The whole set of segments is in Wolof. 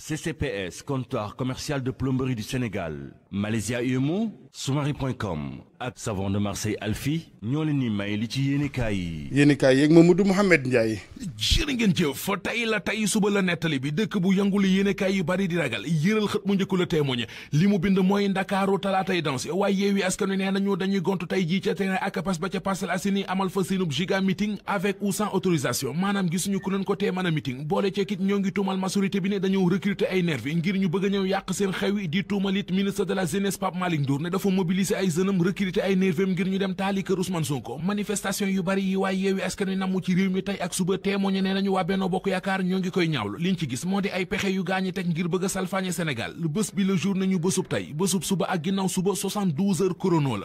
CCPS, comptoir commercial de plomberie du Sénégal. Malaysia Umo, Soumari.com ak savon de Marseille Alfi ñoo leen may li ci yéenekaay yi. yéenekaay yeeg Mamadou Mouhamed Ndiaye. jërë ngeen jëf tey la tey suba la nettali bi dëkk bu yëngul yéenekaay yu bari di ragal yëral xët mu njëkk la li mu bind mooy Ndakaaru talaatay danse waaye Yewwi Askan Wi nañu dañuy gontu tey jii ca terrain ak pas ba ca Parcelles Assainies amal fa seenub giga meeting avec ou sans autorisation maanaam gisuñu ku leen ko tee mën a meeting boole recruter ngir ñu bëgg a yàq seen xew yi di tuumalit ministre de la jeunesse Pape ne dafa mobiliser ay jeunes recruter ay nervi ngir ñu dem taali kër Ousmane Sonko manifestation yu bari yi waaye yeewi askan namm ci réew mi tey ak suba témoigné ne nañu waa Benno Bokk Yaakaar ñoo ngi koy ñaawlu liñ ci gis moo di ay pexe yu gaañi teg ngir bëgg a salfaañe bés bi le jour nañu bésub tey bésub suba ak ginnaaw suba 72 heures chrono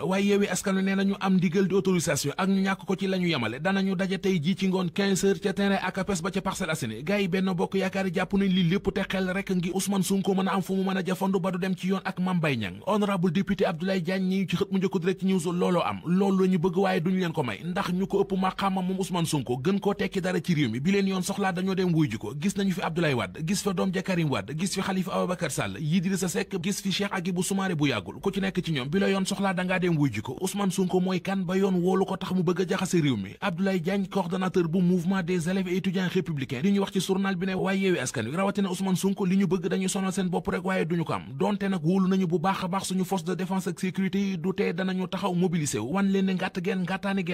la rek ngi Ousmane Sonko mën a am fu mu mën a jafandu ba du dem ci yoon ak Mame Mbaye Niang honorable député Abdoulaye Diagne ci xët mu njëkk direct news looloo am loolu la ñu bëgg waaye duñu leen ko may ndax ñu ko ëpp maqaama moom Ousmane Sonko gën koo tekki dara ci réew mi bi leen yoon soxlaa dañoo dem wuy ji ko gis nañu fi Abdoulaye Wade gis fi doom ja Karim Wade gis fi Khalifa Ababacar Sall Idrissa Seck gis fi Cheikh Agibou Soumaré bu yàggul ku ci nekk ci ñoom bi la yoon soxlaa dangaa dem wuy ji ko Ousmane Sonko ko tax mu bëgg a jaxase réew mi Abdoulaye Diagne coordonnateur bu mouvement des élèves et étudiants républicains di ñu li ñu bëgg dañu sonal seen bopp rek waaye duñu ko am donte nag wóolu nañu bu baax a baax suñu force de défense ak sécurité yi du tee danañu taxaw mobiliser wu wan leen ne ngàtt geen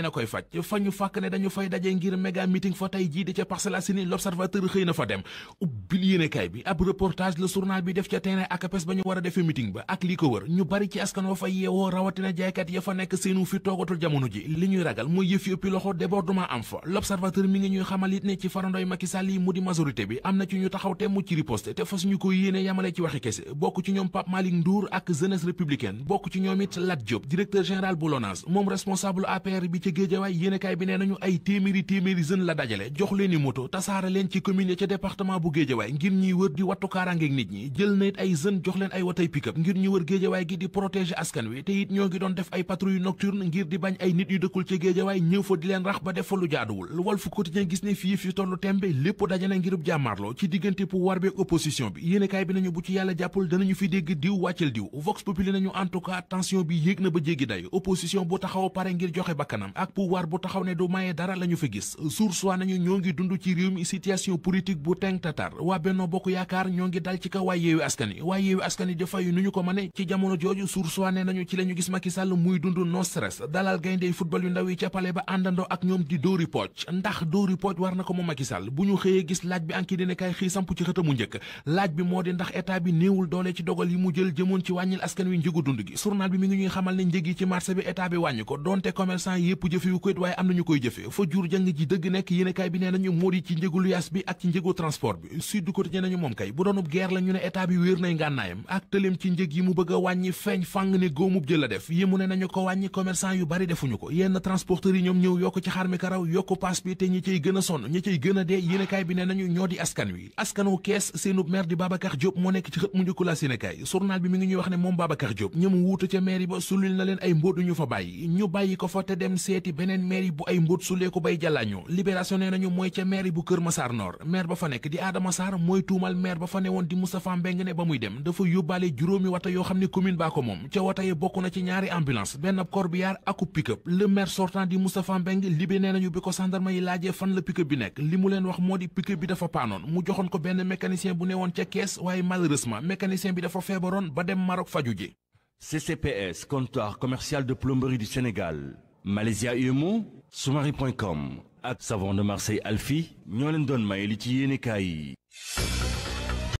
a koy faj fa ñu fàkk ne dañu fay daje ngir méga meeting fa tey jii di ca Parcelles Assainies l'observateur xëy na fa dem ubbil yéenekaay bi ab reportage le journal bi def ca terrain ak APES ba ñu war a defee meeting ba ak lii ko wër ñu bari ci askan fa yeewoo rawatina nekk seenu fi toogatul jamono ji li ñuy ragal mooy yëf yëppi loxo débordement am fa ngi ñuy xamal it ne ci farandoy bi am na ci ñu taxaw te te fas ñu ko yéene yamale ci waxi kese bokk ci ñoom Pape Malick Ndour ak jeunesse républicaine bokk ci ñoom it Lat Diop directeur général bu LONASE moom responsable APR bi ci Géejawaay yéenekaay bi nee nañu ay téeméeri téeméeri jeune la dajale jox leen i moto tasaare leen ci commune ya ca département bu Géejawaay ngir ñuy wër di wattu kaaraangeeg nit ñi jël na it ay jeune jox ay watay pick ngir ñu wër Géejawaay gi di protéger askan wi te it ñoo ngi opposition bi yéenekaay bi nañu bu ci yàlla jàppul danañu fi dégg diw wàccal diw vox populi nañu en tout cas tension bi yéeg na ba jéggi day opposition bu taxaw pare ngir joxe bakkanam ak pouvoir bu taxaw ne du maye dara lañu fi gis source wa nañu ñoo ngi dund ci réew mi situation politique bu teng tatar waa Benno Bokk Yaakaar ñoo ngi dal ci kaw waa Yewwi Askan Wi waa Yewwi dafa yu nu ñu ko mëne ci jamono jooju source wa ne nañu ci lañu gis Macky Sall muy dund no stress dalal gayndey football yu ndaw yi ca pale àndandoo ak ñoom di dóori pooc ndax dóori pooc war na ko moom bu ñu xëyee gis laaj bi anki dina kay xëy samp ci xëtamu laaj bi moo di ndax état bi néewul doole ci dogal yi mu jël jëmoon ci wàññil askan wi njëgu dund gi journal bi mi ngi ñuy xamal ne njëg yi ci marché bi état bi wàññi ko donte commerçant yépp jëfewu ko it waaye am nañu koy jëfe fa jur jàng ji dëgg nekk yéenekaay bi nee nañu moo di ci njëgu luyaas bi ak ci njëgu transport bi Sud Quotidien nañu moom kay bu doonub guerre la ñu ne état bi wéer nay ngànnaayam ak tëleem ci njëg yi mu bëgg a wàññi feeñ fàng ne góomub jël la def yi mu ne nañu ko wàññi commerçant yu bari defuñu ko yenn transporteurs yi ñoom ñëw yokk ci xar mi karaw yokk paas bi te ñi cay gën a sonn ñi cay gën a dee yéenekaay bi nee nañu ñoo di askan wi askanu maire di Babacar Diop moo nekk ci xët mu njëkku la bi mi ngi ñuy wax ne moom Babacar Diop ñëm wuutu ca maire ba sulil na leen ay mbóot ñu fa bàyyi ñu bàyyi ko fa te dem seeti beneen maire bu ay mbóot sulee bay jàllaañu libération nee nañu mooy ca maire bu Kër Massar Nord maire ba fa nekk di Adama Sarr mooy tuumal maire ba fa ne woon di Moustapha Mbeng ne ba muy dem dafa yóbbaale juróomi wata yoo xam ne commune baa ko moom ca wata woon ca kees waaye malheureusement mécanicien bi dafa feebaroon ba dem Maroc faju ji CCPS comptoir commercial de plomberie du Sénégal Malaysia Umo Soumari.com ak savon de Marseille Alfi ñoo leen doon may li ci yéenekaay yi